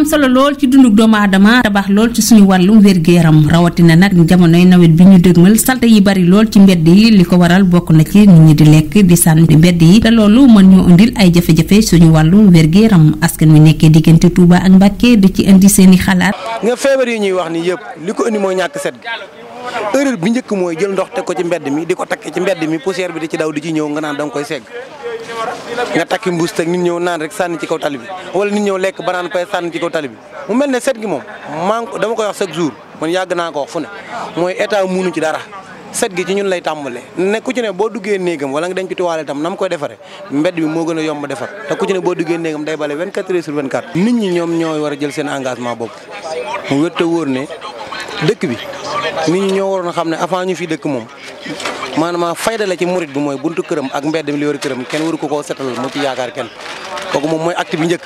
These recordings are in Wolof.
am solo lool ci dundu doomu aadama tabax lool ci suñu wàllu wér-gu-yaram rawatina nag jamonoy nawet bi ñu dëgmal salte yi bari lool ci mbedd yi li ko waral bokk na ci nit ñi di lekk di sànni mbedd yi te loolu mën ñu indil ay jafe-jafe suñu wàllu wér gu askan wi nekkee diggante Touba ak mbakkee di ci indi seeni xalaat. nga feebar yi ñuy wax ni yëpp li ko indi mooy ñàkk set erreur bi njëkk mooy jël ndox teg ko ci mbedd mi di ko takk ci mbedd mi poussière bi di ci daw di ci ñëw nga naan da nga koy nga takki mbuus teg nit ñëw naan rek sànni ci kaw tali bi wala nit ñëw lekk ba naan pare sànni ci kaw tali mu mel ne set gi moom maa dama koy wax chaque jour man yàgg naa ko fu ne mooy état munu ci dara set gi ci ñun lay tàmbalee ne ku ci duggee néegam wala nga dem ci tuwaale tam na mu koy defaree mbedd bi moo gën a yomb defar te ku ci ne boo duggee néegam day bale 24 nit ñi ñoom ñooy war a jël seen engagement bopp mu wér te ne dëkk bi maanaam fayda la ci murit bi mooy buntu këram ak mbedd mi li wër këram kenn ko koo setal mu ci yaakaar kenn kooku mooy acte bi njëkk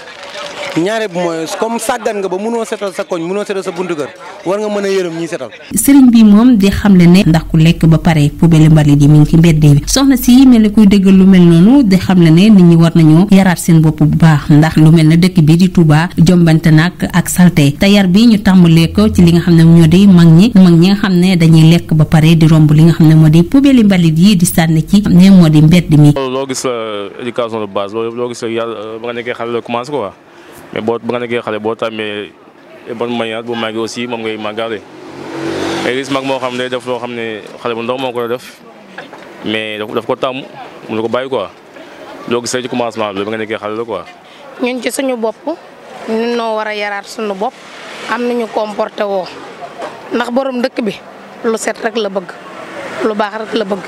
ñaare bi mooy comme sàggan nga ba mënoo setal sa koñ mënoo setal sa buntu kër war nga mën a yërëm ñiy setal. sëriñ bi moom di xamle ne ndax ku lekk ba pare poubelle mbalit yi mu ngi ci mbedd soxna si mel ni kuy dëggal lu mel noonu di xamle ne nit ñi war nañoo yaraat seen bopp bu baax ndax lu mel ne dëkk bi di Touba jombante nag ak salte te yar ñu tàmbalee ko ci li nga xam ne ñoo di mag ñi mag ñi nga xam ne dañuy lekk ba pare di romb li nga xam ne moo di poubelle mbalit yi di sànni ci ne moo di mbedd mi. loo gis la euh, éducation de base loo gis la euh, yàlla ba nga nekkee xale la commencé quoi mais boo ba nga nekkee xale boo tàmmee bonne manière bu màggee aussi moom ngay màggaale mais gis mag moo xam ne def loo xam ne xale bu ndox moo ko def mais daf ko tàmm mënu ko bàyyi quoi loo gisee commencement bi ba nga nekkee xale la quoi. ñun ci suñu bopp ñun noo war a yaraat suñu bopp am nañu comporté woo ndax borom dëkk bi lu set rek la bëgg lu baax rek la bëgg.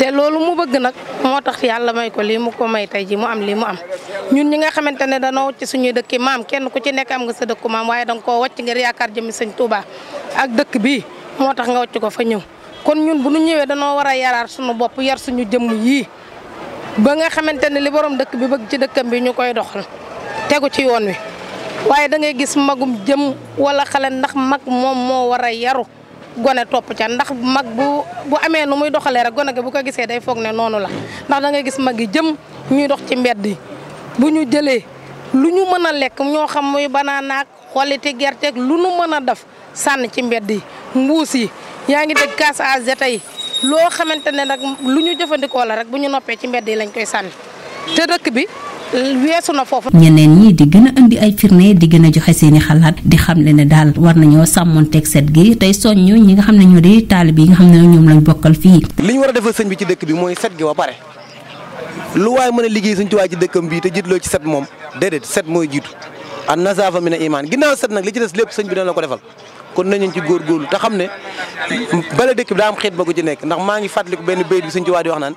te loolu mu bëgg nag moo tax yàlla may ko lii mu ko may tey jii mu am lii mu am ñun ñi nga xamante ne danoo ci suñuy dëkki maam kenn ku ci nekk am nga sa dëkku maam waaye danga koo wàcc yaakaar jëmi sëñ Touba ak dëkk bii moo tax nga wàcc ko fa ñëw kon ñun bu ñu ñëwee danoo war a yaraar suñu bopp yar suñu jëmm yii ba nga xamante ne li borom dëkk bi bëgg ci dëkkam bi ñu koy doxal tegu ci yoon wi waaye da ngay gis magum jëm wala xale ndax mag moom moo war a yaru gone topp ca ndax mag bu bu amee nu muy doxalee rek gone gi bu ko gisee day foog ne noonu la ndax da gis mag yi jëm ñuy dox ci mbedd yi bu ñu jëlee lu ñu mën a lekk ñoo xam muy banaana ak xolliti gerteeg lu nu mën a def sànni ci mbedd yi mbuus yi yaa ngi dégg kaas à zeta yi loo xamante ne nag lu ñu jëfandikoo la rek bu ñu noppee ci mbedd yi lañ koy sànni te dëkk bi weesu na foofu. ñeneen ñi di gën a indi ay firnde di gën a joxe seen i xalaat di xamle ne daal war nañoo sàmmonteeg set gi tey soññu ñi nga xam ne ñoo di taalib yi nga xam ne ñoom lañ bokkal fii. li ñu war a defal sëñ bi ci dëkk bi mooy set gi ba pare lu waaye mën a liggéey sëñ Tuubaa ci dëkkam bii te jiitloo ci set moom déedéet set mooy jiitu an nasaafa mina imaan ginnaaw set nag li ci des lépp sëñ bi dana la ko defal kon nañu ci góorgóorlu te xam ne bala dëkk bi daa am xidma gu ci nekk ndax maa ngi fàttaliku benn bayit bi suñ waa di wax naan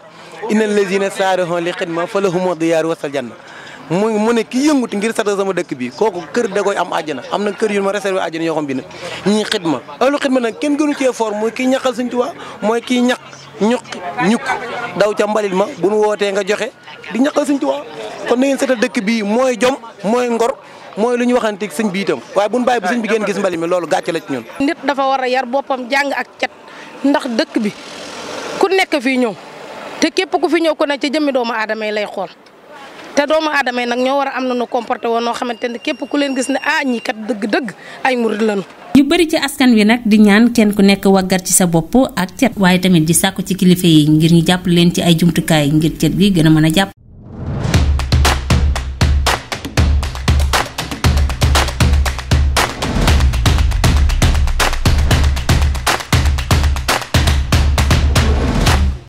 innal lazina saarihoon li xidma fa lahum diyaaru wasal janna mu mu ne ki yënguti ngir satal sama dëkk bi kooku kër da koy am àjjana am na kër yu ma réservé àjjana yoo xam bi ne ñii xidma ëllu xidma nag kenn gënu cee fort mooy kiy ñaqal suñ mooy kiy ñaq ñuq ñukk daw ca mbalit ma bu nu wootee nga joxe di ñaqal suñ tuwaa kon na ngeen satal dëkk bi mooy jom mooy ngor mooy lu ñu waxanteeg sëñ bi itam waaye bu ñu bàyyi bu sëñ bi gën gis mbali mi loolu gàcce la ci ñun. nit dafa war a yar boppam jàng ak cet ndax dëkk bi ku nekk fii ñëw te képp ku fi ñëw ku ne ci jëmmi doomu aadama yi lay xool te doomu aadama nag ñoo war a am na nu comporté woon noo xamante ne képp ku leen gis ne ah ñii kat dëgg-dëgg ay murid lañu. ñu bëri ci askan wi nag di ñaan kenn ku nekk waggar ci sa bopp ak cet waaye tamit di sàkku ci kilifa yi ngir ñu jàpp leen ci ay jumtukaay ngir cet gi gën a mën a jàpp.